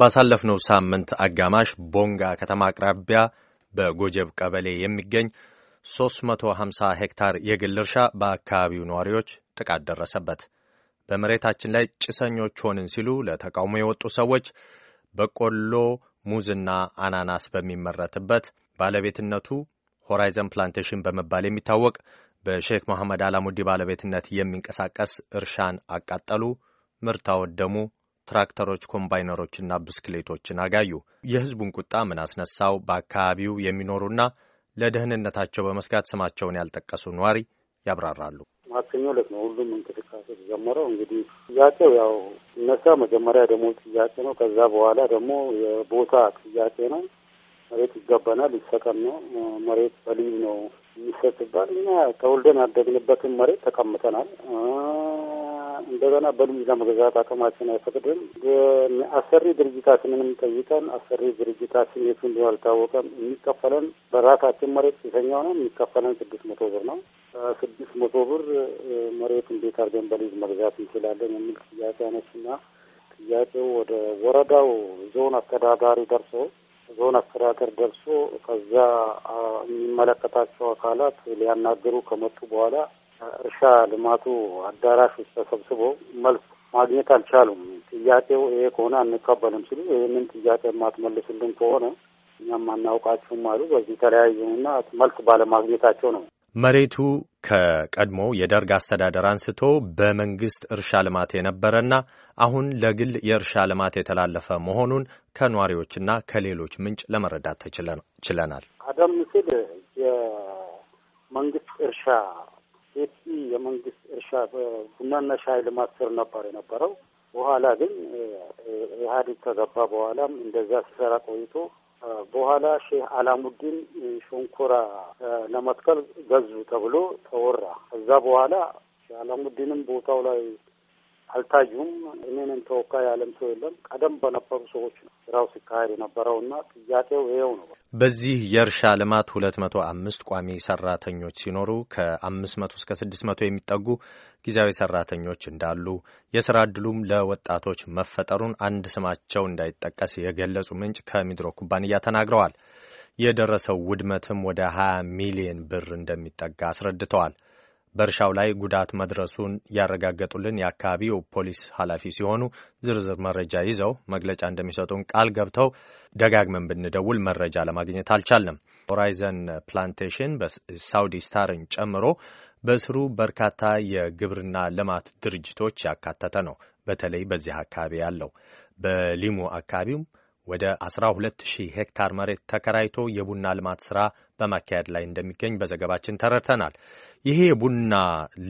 ባሳለፍነው ሳምንት አጋማሽ ቦንጋ ከተማ አቅራቢያ በጎጀብ ቀበሌ የሚገኝ 350 ሄክታር የግል እርሻ በአካባቢው ነዋሪዎች ጥቃት ደረሰበት። በመሬታችን ላይ ጭሰኞች ሆንን ሲሉ ለተቃውሞ የወጡ ሰዎች በቆሎ፣ ሙዝና አናናስ በሚመረትበት ባለቤትነቱ ሆራይዘን ፕላንቴሽን በመባል የሚታወቅ በሼክ መሐመድ አላሙዲ ባለቤትነት የሚንቀሳቀስ እርሻን አቃጠሉ፣ ምርት አወደሙ፣ ትራክተሮች፣ ኮምባይነሮችና ብስክሌቶችን አጋዩ። የህዝቡን ቁጣ ምን አስነሳው? በአካባቢው የሚኖሩና ለደህንነታቸው በመስጋት ስማቸውን ያልጠቀሱ ነዋሪ ያብራራሉ። ማክሰኞ ዕለት ነው ሁሉም እንቅስቃሴ ተጀመረው። እንግዲህ ጥያቄው ያው እነሳ መጀመሪያ ደግሞ ጥያቄ ነው። ከዛ በኋላ ደግሞ የቦታ ጥያቄ ነው። መሬት ይገባናል፣ ይሰጠን ነው። መሬት በልዩ ነው የሚሰጥባል። እኛ ተወልደን ያደግንበትን መሬት ተቀምጠናል። እንደገና በልጅ ለመግዛት አቅማችን አይፈቅድም። ግን አሰሪ ድርጅታችንንም ጠይቀን አሰሪ ድርጅታችን የቱ እንዲሆን አልታወቀም። የሚከፈለን በራሳችን መሬት ሲሰኛ ነው የሚከፈለን ስድስት መቶ ብር ነው። ስድስት መቶ ብር መሬት እንዴት አድርገን በልጅ መግዛት እንችላለን የሚል ጥያቄ አነሱና ጥያቄው ወደ ወረዳው ዞን አስተዳዳሪ ደርሶ ዞን አስተዳደር ደርሶ ከዛ የሚመለከታቸው አካላት ሊያናገሩ ከመጡ በኋላ እርሻ ልማቱ አዳራሽ ውስጥ ተሰብስቦ መልስ ማግኘት አልቻሉም። ጥያቄው ይሄ ከሆነ አንቀበልም ሲሉ ይህንን ጥያቄ የማትመልሱልን ከሆነ እኛም አናውቃችሁም አሉ። በዚህ ተለያዩና መልስ ባለማግኘታቸው ነው መሬቱ ከቀድሞ የደርግ አስተዳደር አንስቶ በመንግስት እርሻ ልማት የነበረና አሁን ለግል የእርሻ ልማት የተላለፈ መሆኑን ከኗሪዎችና ከሌሎች ምንጭ ለመረዳት ችለናል። ቀደም ሲል የመንግስት እርሻ ሰፊ የመንግስት እርሻ ቡናና ሻይ ልማት ስር ነበር የነበረው። በኋላ ግን ኢህአዴግ ከገባ በኋላም እንደዛ ሲሰራ ቆይቶ በኋላ ሼህ አላሙዲን ሸንኮራ ለመትከል ገዙ ተብሎ ተወራ። ከዛ በኋላ ሼህ አላሙዲንም ቦታው ላይ አልታዩም። እኔንም ተወካይ ያለም ሰው የለም። ቀደም በነበሩ ሰዎች ነው ስራው ሲካሄድ የነበረው እና ጥያቄው ይኸው ነው። በዚህ የእርሻ ልማት ሁለት መቶ አምስት ቋሚ ሰራተኞች ሲኖሩ ከአምስት መቶ እስከ ስድስት መቶ የሚጠጉ ጊዜያዊ ሰራተኞች እንዳሉ የስራ እድሉም ለወጣቶች መፈጠሩን አንድ ስማቸው እንዳይጠቀስ የገለጹ ምንጭ ከሚድሮ ኩባንያ ተናግረዋል። የደረሰው ውድመትም ወደ ሀያ ሚሊየን ብር እንደሚጠጋ አስረድተዋል። በእርሻው ላይ ጉዳት መድረሱን ያረጋገጡልን የአካባቢው ፖሊስ ኃላፊ ሲሆኑ ዝርዝር መረጃ ይዘው መግለጫ እንደሚሰጡን ቃል ገብተው ደጋግመን ብንደውል መረጃ ለማግኘት አልቻለም። ሆራይዘን ፕላንቴሽን በሳውዲ ስታርን ጨምሮ በስሩ በርካታ የግብርና ልማት ድርጅቶች ያካተተ ነው። በተለይ በዚህ አካባቢ ያለው በሊሙ አካባቢውም ወደ 120 ሄክታር መሬት ተከራይቶ የቡና ልማት ስራ በማካሄድ ላይ እንደሚገኝ በዘገባችን ተረድተናል። ይሄ የቡና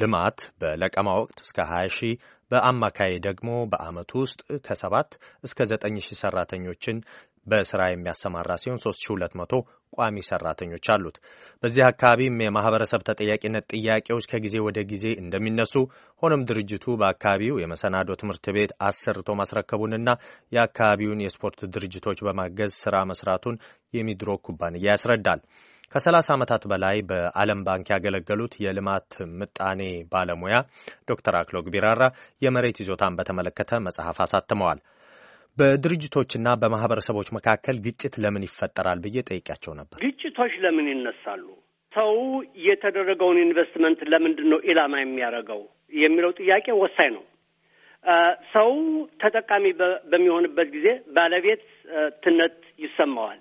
ልማት በለቀማ ወቅት እስከ 20 ሺህ በአማካይ ደግሞ በአመቱ ውስጥ ከሰባት እስከ ዘጠኝ ሺህ ሰራተኞችን በስራ የሚያሰማራ ሲሆን 3200 ቋሚ ሰራተኞች አሉት። በዚህ አካባቢም የማህበረሰብ ተጠያቂነት ጥያቄዎች ከጊዜ ወደ ጊዜ እንደሚነሱ፣ ሆኖም ድርጅቱ በአካባቢው የመሰናዶ ትምህርት ቤት አሰርቶ ማስረከቡንና የአካባቢውን የስፖርት ድርጅቶች በማገዝ ስራ መስራቱን የሚድሮ ኩባንያ ያስረዳል። ከ ከ30 ዓመታት በላይ በዓለም ባንክ ያገለገሉት የልማት ምጣኔ ባለሙያ ዶክተር አክሎግ ቢራራ የመሬት ይዞታን በተመለከተ መጽሐፍ አሳትመዋል። በድርጅቶችና በማህበረሰቦች መካከል ግጭት ለምን ይፈጠራል ብዬ ጠይቂያቸው ነበር። ግጭቶች ለምን ይነሳሉ? ሰው የተደረገውን ኢንቨስትመንት ለምንድን ነው ኢላማ የሚያደርገው የሚለው ጥያቄ ወሳኝ ነው። ሰው ተጠቃሚ በሚሆንበት ጊዜ ባለቤትነት ይሰማዋል።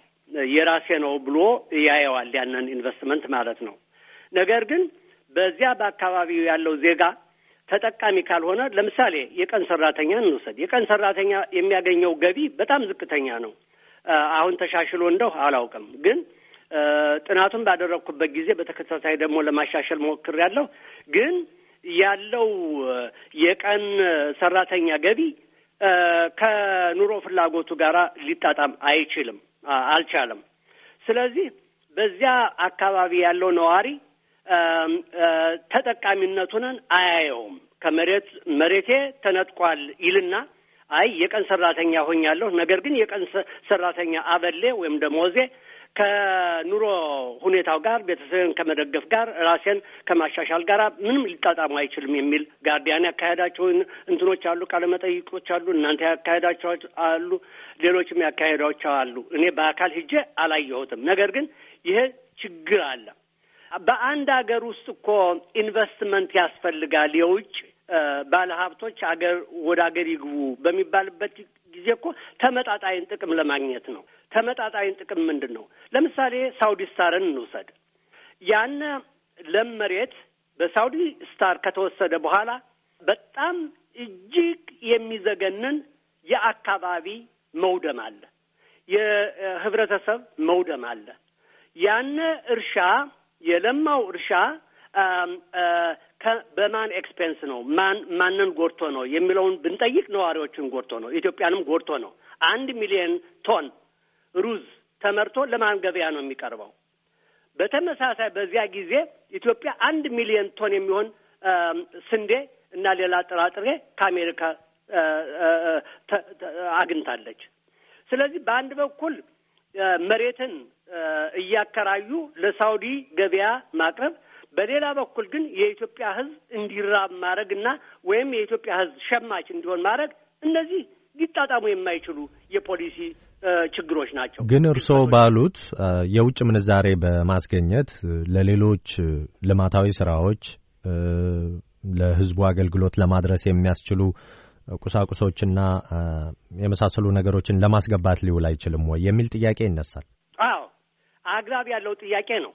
የራሴ ነው ብሎ ያየዋል፣ ያንን ኢንቨስትመንት ማለት ነው። ነገር ግን በዚያ በአካባቢው ያለው ዜጋ ተጠቃሚ ካልሆነ ለምሳሌ የቀን ሰራተኛ እንውሰድ። የቀን ሰራተኛ የሚያገኘው ገቢ በጣም ዝቅተኛ ነው። አሁን ተሻሽሎ እንደው አላውቅም፣ ግን ጥናቱን ባደረግኩበት ጊዜ በተከታታይ ደግሞ ለማሻሸል ያለው ግን ያለው የቀን ሰራተኛ ገቢ ከኑሮ ፍላጎቱ ጋር ሊጣጣም አይችልም፣ አልቻለም። ስለዚህ በዚያ አካባቢ ያለው ነዋሪ ተጠቃሚነቱንን አያየውም። ከመሬት መሬቴ ተነጥቋል ይልና አይ የቀን ሰራተኛ ሆኛለሁ፣ ነገር ግን የቀን ሰራተኛ አበሌ ወይም ደሞዜ ከኑሮ ሁኔታው ጋር ቤተሰብን ከመደገፍ ጋር ራሴን ከማሻሻል ጋር ምንም ሊጣጣሙ አይችልም የሚል ጋርዲያን ያካሄዳቸው እንትኖች አሉ፣ ቃለመጠይቆች አሉ፣ እናንተ ያካሄዳቸው አሉ፣ ሌሎችም ያካሄዳቸው አሉ። እኔ በአካል ሂጄ አላየሁትም። ነገር ግን ይሄ ችግር አለ። በአንድ ሀገር ውስጥ እኮ ኢንቨስትመንት ያስፈልጋል። የውጭ ባለሀብቶች አገር ወደ አገር ይግቡ በሚባልበት ጊዜ እኮ ተመጣጣይን ጥቅም ለማግኘት ነው። ተመጣጣይን ጥቅም ምንድን ነው? ለምሳሌ ሳውዲ ስታርን እንውሰድ። ያነ ለም መሬት በሳውዲ ስታር ከተወሰደ በኋላ በጣም እጅግ የሚዘገንን የአካባቢ መውደም አለ፣ የህብረተሰብ መውደም አለ። ያነ እርሻ የለማው እርሻ በማን ኤክስፔንስ ነው፣ ማን ማንን ጎድቶ ነው የሚለውን ብንጠይቅ ነዋሪዎችን ጎድቶ ነው፣ ኢትዮጵያንም ጎድቶ ነው። አንድ ሚሊዮን ቶን ሩዝ ተመርቶ ለማን ገበያ ነው የሚቀርበው? በተመሳሳይ በዚያ ጊዜ ኢትዮጵያ አንድ ሚሊዮን ቶን የሚሆን ስንዴ እና ሌላ ጥራጥሬ ከአሜሪካ አግኝታለች። ስለዚህ በአንድ በኩል መሬትን እያከራዩ ለሳውዲ ገበያ ማቅረብ በሌላ በኩል ግን የኢትዮጵያ ሕዝብ እንዲራብ ማድረግ እና ወይም የኢትዮጵያ ሕዝብ ሸማች እንዲሆን ማድረግ እነዚህ ሊጣጣሙ የማይችሉ የፖሊሲ ችግሮች ናቸው። ግን እርስዎ ባሉት የውጭ ምንዛሬ በማስገኘት ለሌሎች ልማታዊ ስራዎች ለሕዝቡ አገልግሎት ለማድረስ የሚያስችሉ ቁሳቁሶችና የመሳሰሉ ነገሮችን ለማስገባት ሊውል አይችልም ወይ የሚል ጥያቄ ይነሳል። አግባብ ያለው ጥያቄ ነው።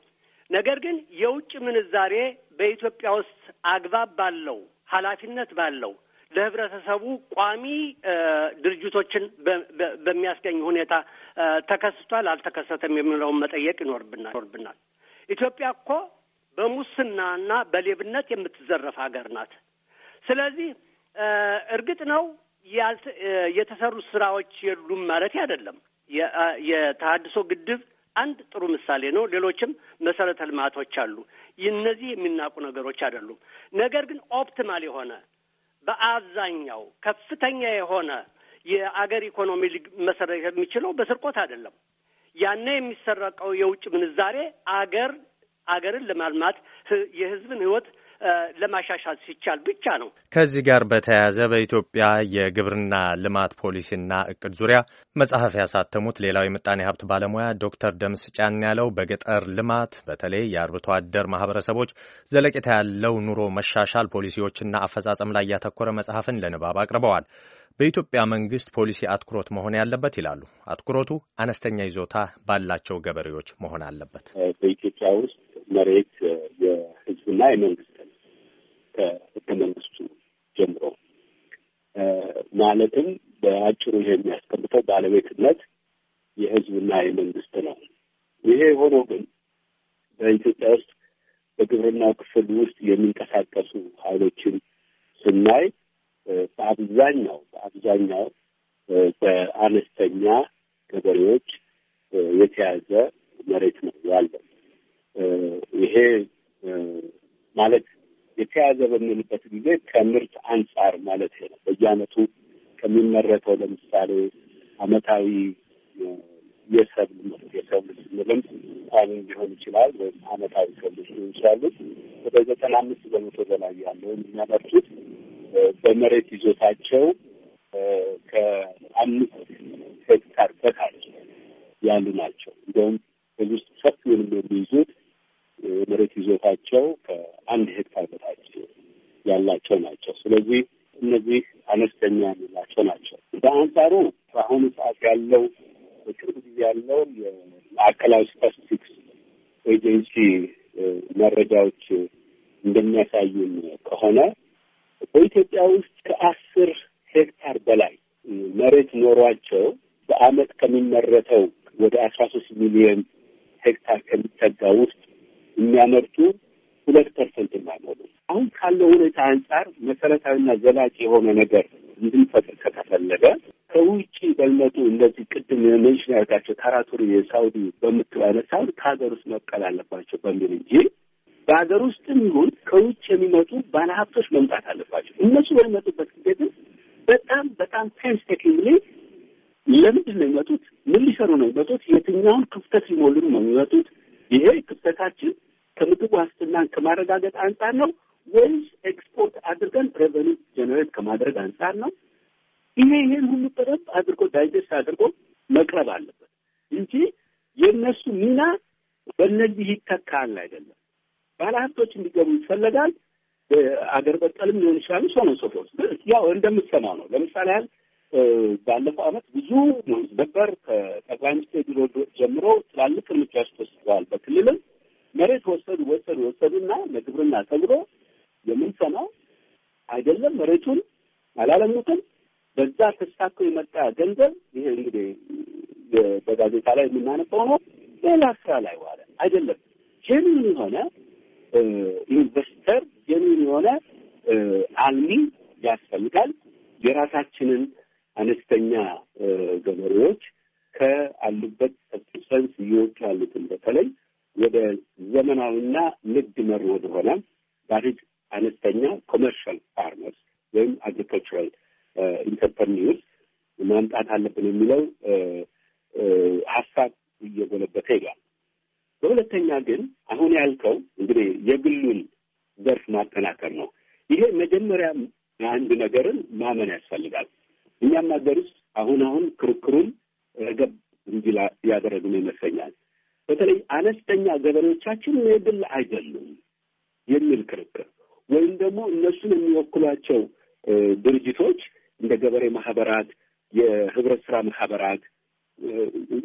ነገር ግን የውጭ ምንዛሬ በኢትዮጵያ ውስጥ አግባብ ባለው ኃላፊነት ባለው ለህብረተሰቡ ቋሚ ድርጅቶችን በሚያስገኝ ሁኔታ ተከስቷል አልተከሰተም የሚለውን መጠየቅ ይኖርብናል። ኢትዮጵያ እኮ በሙስናና በሌብነት የምትዘረፍ ሀገር ናት። ስለዚህ እርግጥ ነው የተሰሩ ስራዎች የሉም ማለት አይደለም። የተሀድሶ ግድብ አንድ ጥሩ ምሳሌ ነው። ሌሎችም መሰረተ ልማቶች አሉ። እነዚህ የሚናቁ ነገሮች አይደሉም። ነገር ግን ኦፕቲማል የሆነ በአብዛኛው ከፍተኛ የሆነ የአገር ኢኮኖሚ መሰረት የሚችለው በስርቆት አይደለም። ያነ የሚሰረቀው የውጭ ምንዛሬ አገር አገርን ለማልማት የህዝብን ህይወት ለማሻሻል ሲቻል ብቻ ነው። ከዚህ ጋር በተያያዘ በኢትዮጵያ የግብርና ልማት ፖሊሲና እቅድ ዙሪያ መጽሐፍ ያሳተሙት ሌላው የምጣኔ ሀብት ባለሙያ ዶክተር ደምስ ጫን ያለው በገጠር ልማት በተለይ የአርብቶ አደር ማህበረሰቦች ዘለቄታ ያለው ኑሮ መሻሻል ፖሊሲዎችና አፈጻጸም ላይ ያተኮረ መጽሐፍን ለንባብ አቅርበዋል። በኢትዮጵያ መንግስት ፖሊሲ አትኩሮት መሆን ያለበት ይላሉ። አትኩሮቱ አነስተኛ ይዞታ ባላቸው ገበሬዎች መሆን አለበት። በኢትዮጵያ ውስጥ መሬት የህዝብና የመንግስት ከህገ መንግስቱ ጀምሮ ማለትም በአጭሩ ይሄ የሚያስቀምጠው ባለቤትነት የህዝብና የመንግስት ነው። ይሄ የሆነው ግን በኢትዮጵያ ውስጥ በግብርናው ክፍል ውስጥ የሚንቀሳቀሱ ኃይሎችን ስናይ በአብዛኛው በአብዛኛው በአነስተኛ ገበሬዎች የተያዘ መሬት ነው ያለው። ይሄ ማለት የተያዘ በምንልበት ጊዜ ከምርት አንጻር ማለት ነው። በየአመቱ ከሚመረተው ለምሳሌ አመታዊ የሰብል ምርት የሰብል ስንልም ቋሚ ሊሆን ይችላል ወይም አመታዊ ሰብል ሊሆን ይችላሉ። ወደ ዘጠና አምስት በመቶ በላይ ያለው የሚያመርቱት በመሬት ይዞታቸው ከአምስት ሄክታር በታች ያሉ ናቸው። እንዲሁም ከዚህ ውስጥ ሰፊውንም የሚይዙት የመሬት ይዞታቸው አንድ ሄክታር በታች ያላቸው ናቸው። ስለዚህ እነዚህ አነስተኛ የምንላቸው ናቸው። በአንጻሩ በአሁኑ ሰዓት ያለው በቅርብ ጊዜ ያለው የማዕከላዊ ስታቲስቲክስ ኤጀንሲ መረጃዎች እንደሚያሳዩን ከሆነ በኢትዮጵያ ውስጥ ከአስር ሄክታር በላይ መሬት ኖሯቸው በአመት ከሚመረተው ወደ አስራ ሶስት ሚሊዮን ሄክታር ከሚጠጋ ውስጥ የሚያመርቱ ካለው ሁኔታ አንጻር መሰረታዊና ዘላቂ የሆነ ነገር እንድንፈጥር ከተፈለገ ከውጭ በልመጡ እንደዚህ ቅድም መንሽን ያደርጋቸው ታራቱሪ የሳውዲ በምትለው አይነት ሳውዲ ከሀገር ውስጥ መቀል አለባቸው በሚል እንጂ በሀገር ውስጥም ይሁን ከውጭ የሚመጡ ባለሀብቶች መምጣት አለባቸው። እነሱ በሚመጡበት ጊዜ ግን በጣም በጣም ፔንስቴክሊ ለምንድን ነው የሚመጡት? ምን ሊሰሩ ነው የሚመጡት? የትኛውን ክፍተት ሊሞሉ ነው የሚመጡት? ይሄ ክፍተታችን ከምግብ ዋስትናን ከማረጋገጥ አንጻር ነው ወይስ ኤክስፖርት አድርገን ሬቨኒ ጀነሬት ከማድረግ አንጻር ነው። ይሄ ይሄን ሁሉ በደንብ አድርጎ ዳይጀስት አድርጎ መቅረብ አለበት እንጂ የእነሱ ሚና በእነዚህ ይተካል አይደለም። ባለሀብቶች እንዲገቡ ይፈለጋል። አገር በቀልም ሊሆን ይችላሉ። ሰው ነው ሶፎስ ያው እንደምትሰማው ነው። ለምሳሌ ያህል ባለፈው ዓመት ብዙ ነበር ከጠቅላይ ሚኒስትር ቢሮ ጀምሮ ትላልቅ እርምጃዎች ተወስደዋል። በክልልም መሬት ወሰዱ ወሰዱ ወሰዱና ለግብርና ተብሎ የምንሰማው አይደለም። መሬቱን አላለሙትም። በዛ ተሳክቶ የመጣ ገንዘብ ይሄ እንግዲህ በጋዜጣ ላይ የምናነበው ነው። ሌላ ስራ ላይ ዋለ አይደለም። ጀኒን የሆነ ኢንቨስተር፣ ጀኒን የሆነ አልሚ ያስፈልጋል። የራሳችንን አነስተኛ ገበሬዎች ከአሉበት ሰብስበንስ እየወጡ ያሉትን በተለይ ወደ ዘመናዊና ንግድ መር ወደሆነ ባሪጅ አለብን የሚለው ሀሳብ እየጎለበተ ሄዷል። በሁለተኛ ግን አሁን ያልከው እንግዲህ የግሉን ዘርፍ ማጠናከር ነው። ይሄ መጀመሪያ አንድ ነገርን ማመን ያስፈልጋል። እኛም ሀገር ውስጥ አሁን አሁን ክርክሩን ረገብ እንጂ ያደረግነው ይመስለኛል። በተለይ አነስተኛ ገበሬዎቻችን የግል አይደሉም የሚል ክርክር ወይም ደግሞ እነሱን የሚወክሏቸው ድርጅቶች እንደ ገበሬ ማህበራት የህብረት ስራ ማህበራት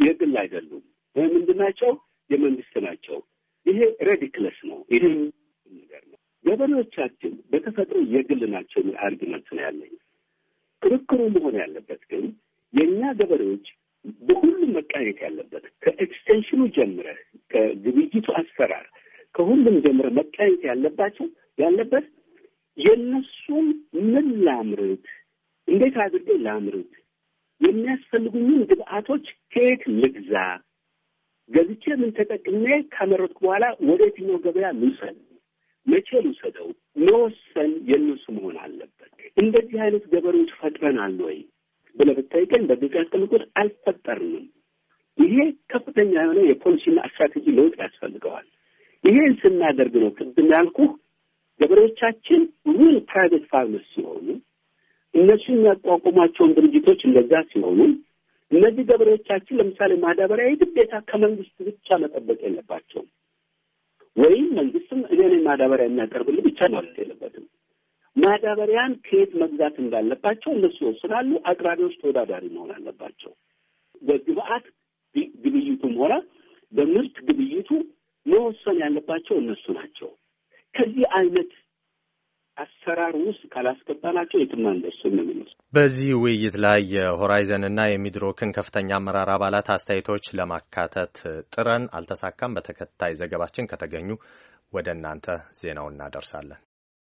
የግል አይደሉም። ምንድን ናቸው? የመንግስት ናቸው። ይሄ ሬዲክለስ ነው። ይሄ ነገር ነው። ገበሬዎቻችን በተፈጥሮ የግል ናቸው የሚል አርግመንት ነው ያለኝ። ክርክሩ መሆን ያለበት ግን የእኛ ገበሬዎች በሁሉም መቃኘት ያለበት ከኤክስቴንሽኑ ጀምረህ ከግብይቱ አሰራር ከሁሉም ጀምረህ መቃኘት ያለባቸው ያለበት የእነሱም ምን ላምርት፣ እንዴት አድርጌ ላምርት፣ የሚያስፈልጉኝን ግብአቶች ከየት ልግዛ፣ ገዝቼ ምን ተጠቅሜ ካመረትኩ በኋላ ወደ የትኛው ገበያ ልውሰድ፣ መቼ ልውሰደው መወሰን የእነሱ መሆን አለበት። እንደዚህ አይነት ገበሬዎች ፈጥረናል ወይ ብለህ ብታይቀኝ በሚቀጥል ቁጥር አልፈጠርንም። ይሄ ከፍተኛ የሆነ የፖሊሲና ስትራቴጂ ለውጥ ያስፈልገዋል። ይሄን ስናደርግ ነው ቅድም ያልኩህ ገበሬዎቻችን ሩል ፕራይቬት ፋርመርስ ሲሆኑ እነሱ የሚያቋቁሟቸውን ድርጅቶች እንደዛ ሲሆኑ እነዚህ ገበሬዎቻችን ለምሳሌ ማዳበሪያ የግዴታ ከመንግስት ብቻ መጠበቅ የለባቸውም። ወይም መንግስትም እኔ ነኝ ማዳበሪያ የሚያቀርብልኝ ብቻ ማለት የለበትም። ማዳበሪያን ከየት መግዛት እንዳለባቸው እነሱ ይወስናሉ። አቅራቢዎች ተወዳዳሪ መሆን አለባቸው። በግብአት ግብይቱም ሆነ በምርት ግብይቱ መወሰን ያለባቸው እነሱ ናቸው። ካላስገባናቸው የትም አንደርስም በዚህ ውይይት ላይ የሆራይዘንና የሚድሮክን ከፍተኛ አመራር አባላት አስተያየቶች ለማካተት ጥረን አልተሳካም። በተከታይ ዘገባችን ከተገኙ ወደ እናንተ ዜናውን እናደርሳለን።